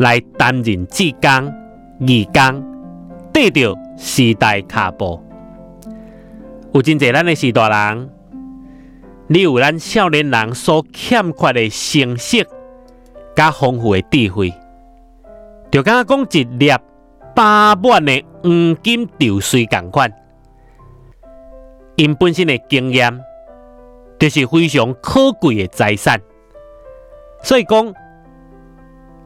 來擔任志工、義工，得到時代腳步，有真儕咱嘅時代人，你有咱少年人所欠缺嘅成熟，加豐富嘅智慧，就敢講一粒飽滿嘅黃金稻穗同款，因本身嘅經驗，就是非常可貴嘅財產，所以講。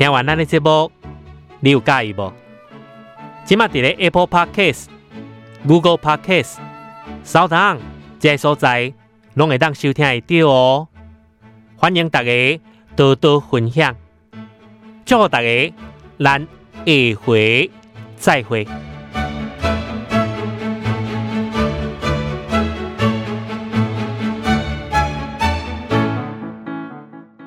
聽完呢個節目，你有介意無？即刻在 Apple Podcast、Google Podcast、Sound 等這些所在，都會當收聽得到哦。歡迎大家多多分享，祝賀大家，咱下回再會。